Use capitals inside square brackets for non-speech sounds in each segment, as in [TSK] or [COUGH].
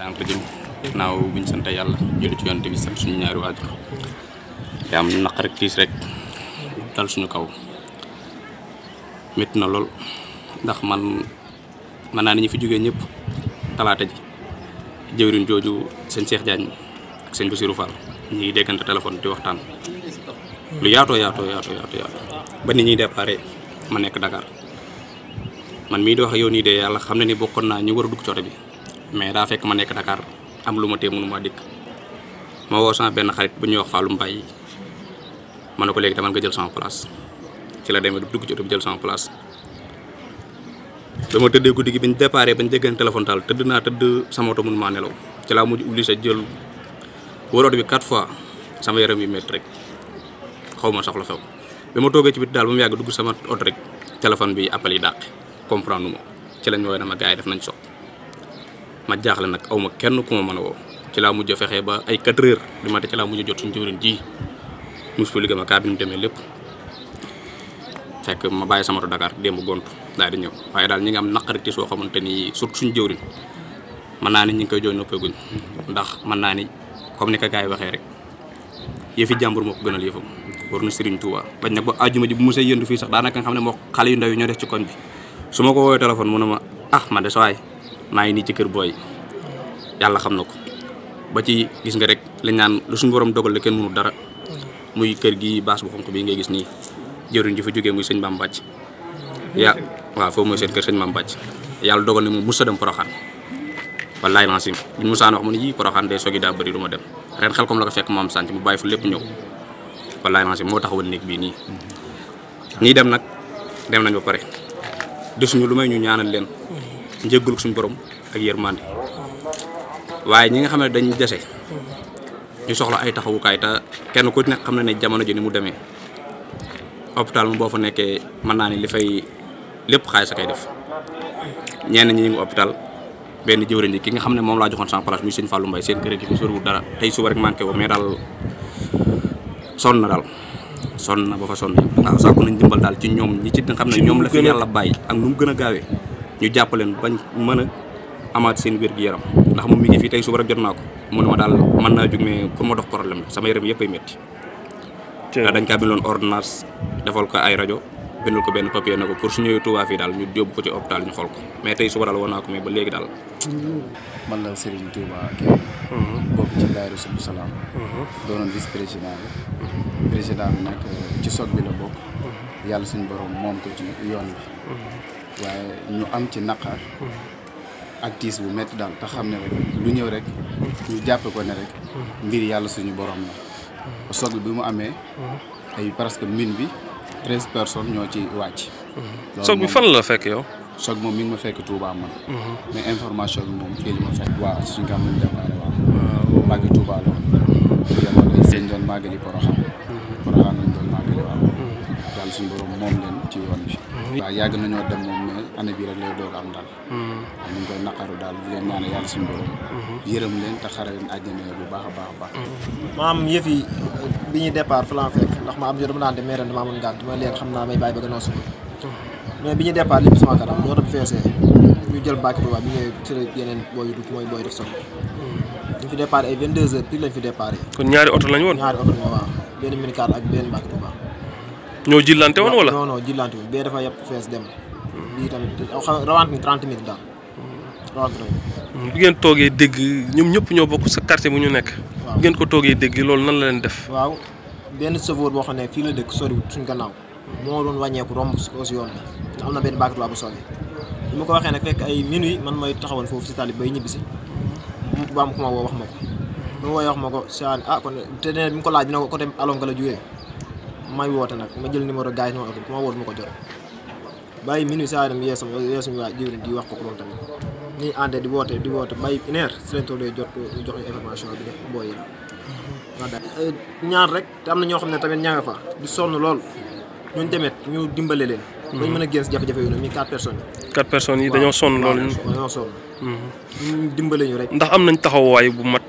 tànk jëm naaw buñ sant yàlla julli ci yonte bi sant suñu ñaari waajur yaa am naq rek tiis rek dal suñu kaw métti na lool ndax man mën naa ni ñu fi jógee ñëpp talaata ji jëwriñ jooju sëñ Cheikh Diagne ak sëñ Bassirou Fall ñu ngi déggante téléphone di waxtaan lu yaatoo yaatoo yaatoo yaatoo yaatoo ba ni ñuy déparé ma nekk Dakar man mii di wax yow nii de yàlla xam na ni bokkoon naa ñu war a dugg cooto bi mais daa fekk ma nekk Dakar am lu ma tee mënu maa dikk ma woo sama benn xarit bu ñuy wax Fallou Mbaye ma ne ko léegi demal nga jël sama place ci la deme dugg ci oto bi jël sama place. dama tëddee guddi gi bi ñu déparé ba ñu déggante téléphone daal tëdd naa tëdd sama oto mënu maa nelaw ci laa mujj obligé jël wóor oto bi quatre fois sama yaram yi métti rek xaw ma soxla xew bi ma toogee ci bit daal ba mu yàgg dugg sama oto rek téléphone bi appel yi dàq comprendre ma ci lañ woowee dama gars yi def nañ soq. ma jaaxle nag aw ma kenn ku ma mën a woo ci laa mujj a fexe ba ay 4 heures du matin ci laa mujj a jot suñu jëwriñ ji mu expliqué ma kaa bi mu demee lépp fekk ma bàyyi sama to Dakar démb gont daal di ñëw waaye daal ñi nga am naqari ci soo xamante ni surtout suñu jëwriñ mën naa ni ñi koy jooy noppeeguñ ndax mën naa ni comme ni ko gars yi waxee rek yëfi jàmbur moo ko gënal yëfam war na Serigne Touba bañ nag ba àjjuma ji bu mu see yëndu fii sax daanaka nga xam ne moo xale yu ndaw yi ñoo def ci koñ bi su ma ko woowee téléphone mu a ma ah man de sawaay maa ngi nii ci kër booy yàlla xam na ko ba ci gis nga rek lañ naan lu suñu borom dogal la kenn mënu dara muy kër gi baas bu xonq bii ngay gis nii jëriñ ji fa jógee muy sëñ Maam Bàcc ya waaw foofu mooy seen kër sëñ Maam Bàcc yàlla dogal ne moom musa dem poroxaan wallaay lancim biñ musaana wax mu ne yii poroxaan day sogi daa bëri du ma dem ren xel comme la ko fekk maam sànc mu bàyyi fa lépp ñëw wallaay lancim moo taxawal néeg bii nii ñii dem nag dem nañ ba pare desuñu lu may ñu ñaanal leen njëggul suñu borom ak yërmande waaye ñi nga xam ne dañ dese ñu soxla ay taxawukaay te kenn ku nekk xam ne ne jamono ji ni mu demee hôpital mu boo fa nekkee mën naa ne li fay lépp xaalis a koy def ñenn ñi ñu ngi hôpital benn jëwriñ ji ki nga xam ne moom laa joxoon sans place muy sëñ Fallou Mbaye seen crédit bi soriwul dara tey suba rek manqué woo mais daal sonn na daal sonn na ba fa sonn waaw sàkku nañ dimbal daal ci ñoom ñi ci nga xam ne ñoom la fi yàlla bàyyi ak nu mu gën a gaawee ñu jàppaleen bañ mën a amaat seen wér-gu-yaram ndax moom mi fii tey suba rek jot naa ko mu ne ma daal mën naa jóg mais pour ma dox problème la sama yaram yëpp ay métti dañ kaa loon ordonnance defal ko ay rajo bindal ko benn papier na ko pour su ñëwee Touba fii daal ñu yóbbu ko ci hôpital ñu xool ko mais tey suba daal ko mais ba léegi daal man la Serigne Touba Kébé mm-hmm. bokk ci daayira Subul Salaam mm-hmm. doonoon vice mm-hmm. président bi président bi ci soog bi la bokk yàlla suñu borom moom ko ci yoon waaye ñu am ci naqar ak bu métti daal te xam ne rek lu ñëw rek ñu jàppe ko ne rek mbir yàlla suñu borom la soog bi mu amee ay presque mine bi treize personnes ñoo ci wàcc soog bi fan la fekk yow soog moom mi ngi ma fekk Touba man mhm. mais information bi moom fii li ma fekk waa suñu nga am nañ démarré waaw màggi Touba la yemoon ay seen mhm. mhm. yàlla suñu borom moom leen ci yoon bi waaw yàgg nañoo dem moom année bii rek lay doog am daal. Hmm. ñu ngi koy naqaru daal di leen ñaan yàlla suñu borom. Hmm. yërëm leen te xare leen àjjana bu baax a baax a baax. Hmm. maam yëf yi bi ñuy départ fa laa ba gannaaw suba. mais bi ñuy départ lépp sama kanam ñoo doon feesee ñu jël bàkki tubaab bi ñëwee ci la yeneen booy yu dugg mooy booy def soppi. ñu fi départ ay 22 kon ñaari oto lañ woon ñaari oto lañ waaw benn minicar ak benn bàkki tubaab. ñoo jillante woon wala. non non jillante woon bee dafa yàpp fees dem lii tamit rawante ni 30 minutes daal. rawante nañu. bu ngeen toogee dégg ñoom ñëpp ñoo bokk sa quartier bu ñu nekk. waaw bu ko toogee dégg loolu nan la leen def. waaw benn chauffeur boo xam ne fii la dëkk soriwul suñ gannaaw moo doon wàññeeku romb si yoon bi am na benn baag bu sori bi ma ko waxee nag fekk ay minuit man mooy taxawal foofu si tali bay ñibbi si bu baax ma woo wax ma ko. bu ma wax ma ko Sane ah kon te nee bi mu ko laaj ne ko côté Alonga la jugee may woote nag ma jël numéro gars yi ma woote ma ma ko jot. bàyyi minu saa dem yeesam yeesam waa jëwriñ di wax ko loolu tamit ñuy àndee di woote di woote bàyyi une heure si lañ jot ñu jox information bi de booy yi mm-hmm. rek te am na ñoo xam ne tamit ñaa nga fa di sonn lool ñooñu tamit ñu dimbale leen. Mm-hmm. bañ mën a génn si jafe-jafe yu ne muy quatre personnes yi. quatre dañoo sonn lool. waaw dañoo mm-hmm. ñu dimbale ñu rek. ndax am nañ taxawaay bu mat.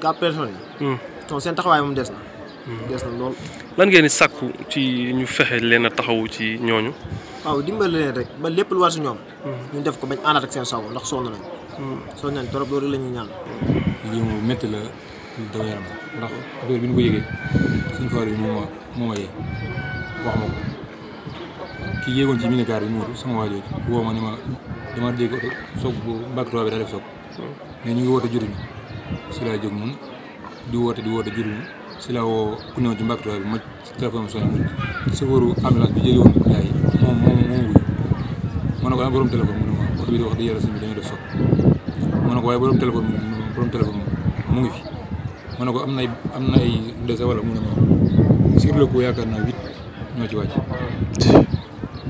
quatre personnes yi. donc mm. seen taxawaay moom des na. des na lool. lan ngeen sàkku ci ñu fexe leen a taxawu ci ñooñu. waaw dimbale leen rek ba lépp lu war si ñoom. Mm. ñu def ko bañ àndaat ak seen saw ndax sonn nañ. Mm. sonn nañ trop loolu la ñuy ñaan. Mm. lii moom métti la daw yaram ndax affaire bi ñu ko yëgee suñu faar yi moom moo yee wax ma ko ki yéegoon woo ma ne ma dama dégg oto soog tubaab bi daa def soog mais ñu ngi woote juruñu si laa jóg moom di woote di woote juruñu si laa woo ku ñëw ci mbàkk tubaab bi ma téléphone sonné chauffeuru ambulance bi jëli woon gars yi ma ne ko waaye eh, borom téléphone mu ne ma oto bi di wax di yàlla suñ bi dañuy def sot ma ne ko waaye eh, borom téléphone borom téléphone mu ngi fi ma ne ko am nay am nay dese wala mu ne ma sur le coup yaakaar naa huit ñoo ci wàcc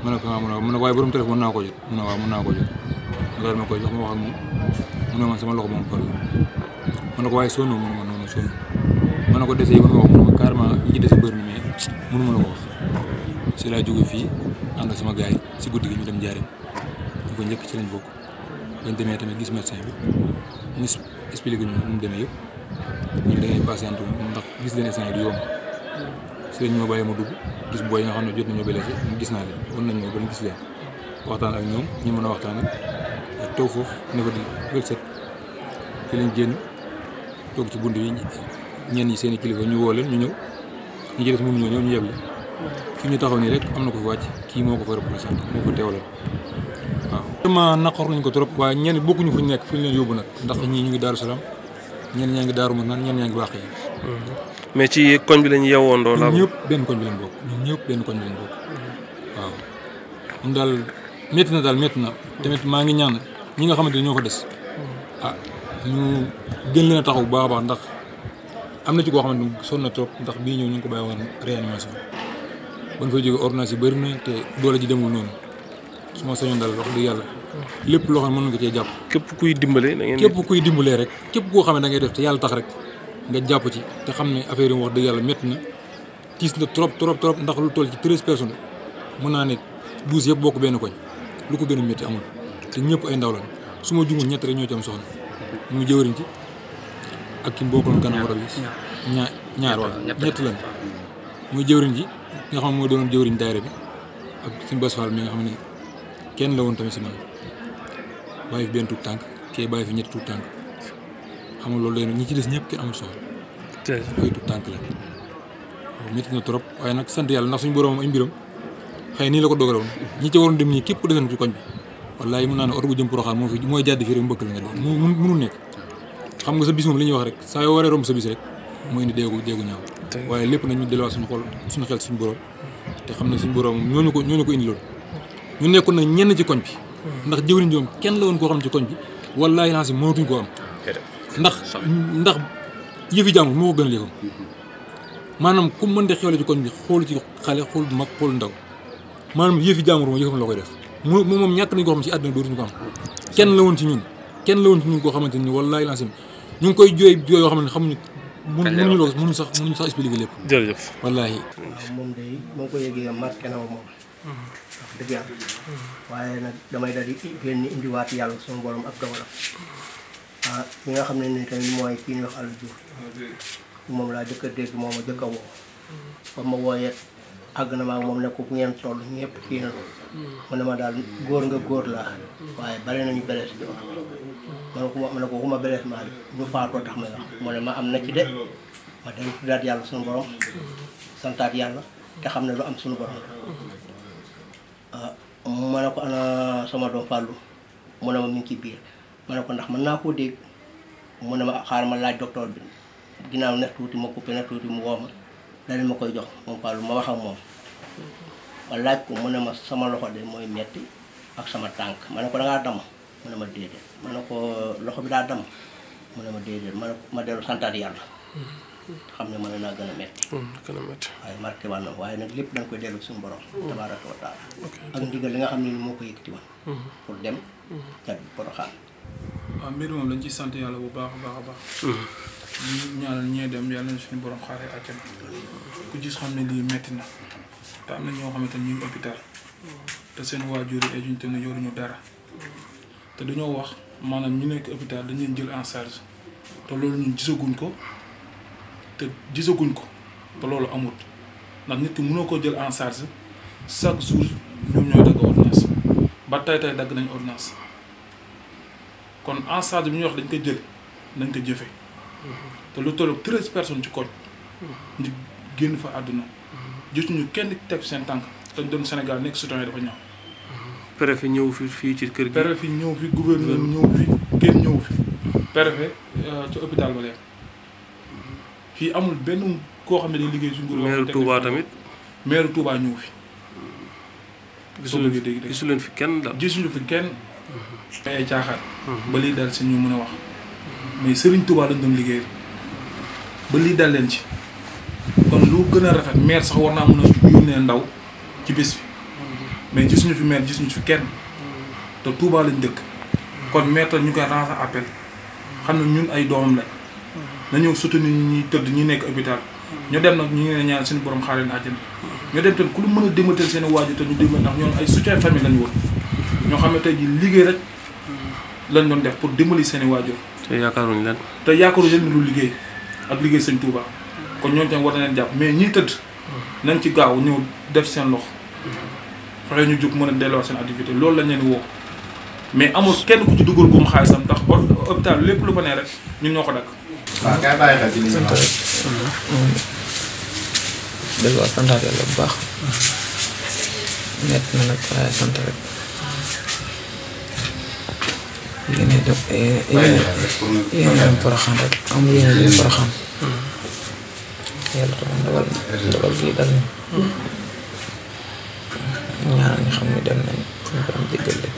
ma ne ko waaw ah, mu ne ko waaye borom téléphone mën naa koo jot mu ne waaw ah, mën naa koo jot ma daal ma koy jox ma wax ak moom mu ne man sama loxo moom par ma ne ko waaye sonn mu ne ma noonu sonn ma ne ko dese yi mën nga wax mu ne ma carrément li ci dese bëri na mais [TSK] mënu ma la ko wax si laa jóge fii ànd sama gars yi si guddi gi ñu dem Njaaréem ko njëkk ci lañ bokk bañ demee tamit gis médecin bi ñu expliqué ñu nu mu demee yëpp ñu ne da ndax gis leen instant yi du yomb si lañ ñoo bàyyi ma dugg gis booy yi nga xam ne jot nañoo blessé ñu gis naa leen wan nañ ñoo ban gis leen ak ñoom ñu mën a waxtaan ak taw foofu ne ko toog ci bunt yi yi seen i ñu woo ñu ñëw ñu ci des ñu yeble fi ñu taxaw nii rek am na ko fi wàcc kii moo ko fa représenté moo ko teewaloon vraiment naqar nañ ko trop waaye ñenn bokkuñu fu ñu nekk fi ñu leen yóbbu nag ndax ñii ñu ngi daaru salaam ñenn ñaa ngi daaru ma naan ñenn ñaa ngi baax yi mhm. mais ci koñ bi lañ yewoon doo la ñëpp benn koñ bi lañ bokk ñun ñëpp benn koñ bi lañ bokk waaw ñun daal métti na daal métti maa ngi ñaan ñi nga xamante ne ñoo fa des ah ñu gën leen bu baax a ndax am na ci koo xamante ne sonn na trop ndax bii ñëw ñu ngi ko bàyyi woon réanimation ba ñu fay jógee ordonnance yi bëri na te doole ji demul noonu su ma sañoon dal wax dëgg yàlla lépp loo xam ne mën nga cee jàpp képp kuy dimbale da ngeen képp kuy dimbalee rek képp koo xam ne da ngay def te yàlla tax rek nga jàpp ci te xam ne affaire yi wax dëgg yàlla métti na tiis na trop trop trop ndax lu toll ci treize personnes mën naa ne douze yëpp bokk benn koñ lu ko gën a métti amul te ñëpp ay ndaw lañ su ma jumul ñett rek ñoo ci am soxna mu jëwriñ ci ak ki mbokkaloon gànnaaw rab yi ñaar ñaar wala ñett lañ muy jëwriñ ji nga xam ne mooy doon jëwriñ mi nga xam kenn la woon tamit si man bàyyi fi benn tuut tànk kee bàyyi fi ñetti tuut tànk xam nga loolu la ñi ci des ñëpp kenn amul soxla. te ay tànk la métti na trop waaye nag sant yàlla ndax suñu borom ay mbiram xëy nii la ko dogaloon ñi ci képp ku desoon ci koñ bi wallaay mën jëm Porokhane moo fi mooy jàddi fii rek mbëkk la nga xam nga sa bis moom li wax rek saa yoo waree romb sa bis rek mooy indi waaye lépp nañu delluwaat suñu xol suñu xel suñu borom te xam ne suñ borom ñooñu ko ñooñu ko indi loolu ñu nekkoon nag ñenn ci koñ bi ndax jëwriñ ñoom kenn la woon koo xam ci koñ bi wallaay lancé mënatuñ koo am ndax ndax yëfi jàmm moo ko gën a léefam maanaam ku mën de xewle ci koñ bi xool ci xale xool mag xool ndaw maanaam yëfi jàmbur moom yëfam la koy mu moom ñàkk nañ ko xam ci àdduna dootuñu ko am la woon ci ñun kenn la woon ci ñun koo xamante ni wallaay lancé ñu ngi koy jooy jooy yoo xam ne xamuñu mënuñu loo mënuñu sax mënuñu sax expliquer lépp jërëjëf wallaahi ah, moom moo ko yëgee moom wax dëgg waaye nag damay dal di génn indiwaat yàlla sama borom ak dogalam ah ñi nga xam ne ni tamit mooy kii ñuy wax àll Diouf moom laa jëkk a dégg moom a jëkk woo ba ma wooyee àgg na maa moom ne ko ngeen toll ñëpp kii na ma daal góor nga góor laa waaye bare nañu belees ma ne ko ma ne ko xuma ñu faatoo tax may wax mu ne ma am na ci de ma dem tuddaat yàlla suñu borom santaat yàlla te xam ne lu am suñu borom ah ma ne ko am na sama doom Fallou mu ne ma mi ngi biir ma ne ko ndax mën naa koo dégg mu ne ma xaar ma laaj docteur bi ginnaaw neex tuuti ma coupé neex tuuti mu woo ma danañ ma koy jox moom Fallou ma wax ak moom ma laaj ko mu ne ma sama loxo de mooy metti ak sama tànk ma ne ko da ngaa dama mu ne ma déedéet ma ne ko loxo bi daa dama mu ne ma déedéet ma ma dellu santaat yàlla xam ne mën naa gën a metti hmm, gën a metti waaye marqué na waaye nag lépp da koy dellu suñu borom hmm. tabaraka wa taala ak ndigal li nga xam ne moo ko yëkkati woon hmm. pour dem jat bi mbir moom lañ ci sant yàlla bu baax a baax a baax ñu ñaanal ñee dem yàlla na suñu borom xaaree àjjana ku gis xam ne lii metti na te am na ñoo xamante ne ñu ngi hôpital te seen waajur yi ajuñ te ne yoruñu dara te dañoo wax maanaam ñu nekk hôpital dañu leen jël en charge te loolu ñun gisaguñ ko te gisaguñ ko te loolu amut ndax nit ki mënoo ko jël en charge chaque jour ñoom ñoo dagg ordonnance ba tey tey dagg nañ ordonnance kon en charge bi ñuy wax dañ ko jël nañ ko jëfe te lu tollu treize personne ci koñ ñu génn fa àdduna ñu kenn teg seen tànk te ñu doon Sénégal nekk citoyen dafa ñaaw préfet ñëw fi fii ci kër gi préfet ñëw fi gouverneur ñëw fi kenn ñëw fi préfet euh, ci hôpital ba leen fii amul benn koo xam ne day liggéey suñu nguur. meeru Touba tamit. meeru Touba ñëw fi. gisuñu fi gisuñu fi kenn dal gisuñu fi kenn. ay mhm. ba lii daal si ñu mën a wax. mais Serigne Touba lañ liggéey ba lii daal leen ci kon lu gën a rafet maire sax war naa mën a yónnee ndaw ci bis bi mhm. mais gisuñu fi maire gisuñu fi kenn mhm. te Touba lañ dëkk kon maire tam ñu koy lancer appel xam ne ñun ay doomam lañ. na ñëw ni ñi tëdd ñu nekk hôpital ñu dem nag ñu ngi ñaan suñu borom xaar leen àjjana ñu dem tamit ku lu mën a dématal seen waajur te ñu démal ndax ñoom ay soutien famille ñoo xam ne tey liggéey rek lañ doon def pour dimbali seen i waajur te yaakaaruñ leen te yaakaaruñ leen lu liggéey ak liggéey sëñ Touba kon ñooñu tam leen jàpp mais ñiy tëdd nañ ci gaaw ñëw def seen lox fexe ñu jóg mën a delloo seen activité loolu lañ leen woo mais amul kenn ku ci dugal gum xaalisam ndax hôpital lépp lu fa ne rek ñu ñoo ko dakk waaw kay bàyyi xel ci li ñu wax. dëgg la sant yàlla bu baax. net na nag waaye sant rek. Eh, eh, yéen a def yéen a dem poroxaan rek am yéen a dem poroxaan. Mm-hmm. yàlla tamit dogal na mm-hmm. dogal bii dal na. Mm-hmm. ñaar ñi xam ne dem nañ suñu borom jéggal leen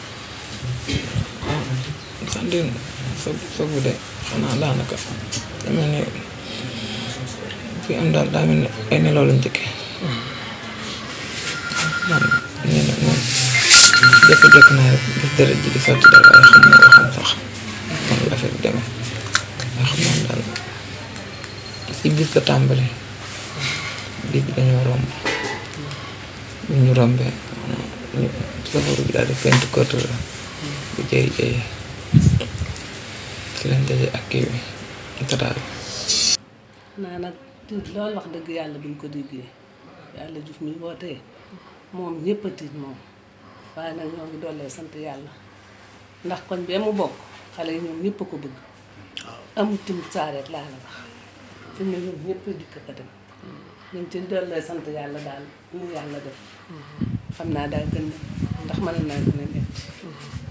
démb foog foog de xanaa daanaka dama ne fi am daal daa mel ne ay nelaw lañ njëkke man nee na moom jékki-jékk naa rek gis deret ji di sotti daal xam naa waxam sax man la nga xam moom daal si bis la tàmbale bis bi dañoo romb bu ñu rombee safaru bi daal di fent kottu la bu jëy jëy ki leen daje ak naa nag tiit loolu wax dëgg yàlla buñ ko déggee yàlla juf mi wootee moom ñëpp tiit moom waaye nag ñoo ngi dollee sant yàlla ndax koñ bee mu bokk xale yi ñoom ñëpp a ko bëgg amul tim saareet laa la wax fi mu ne hmm. sant yàlla daal yàlla def hmm. xam naa daal gën ndax mën naa gën a metti hmm.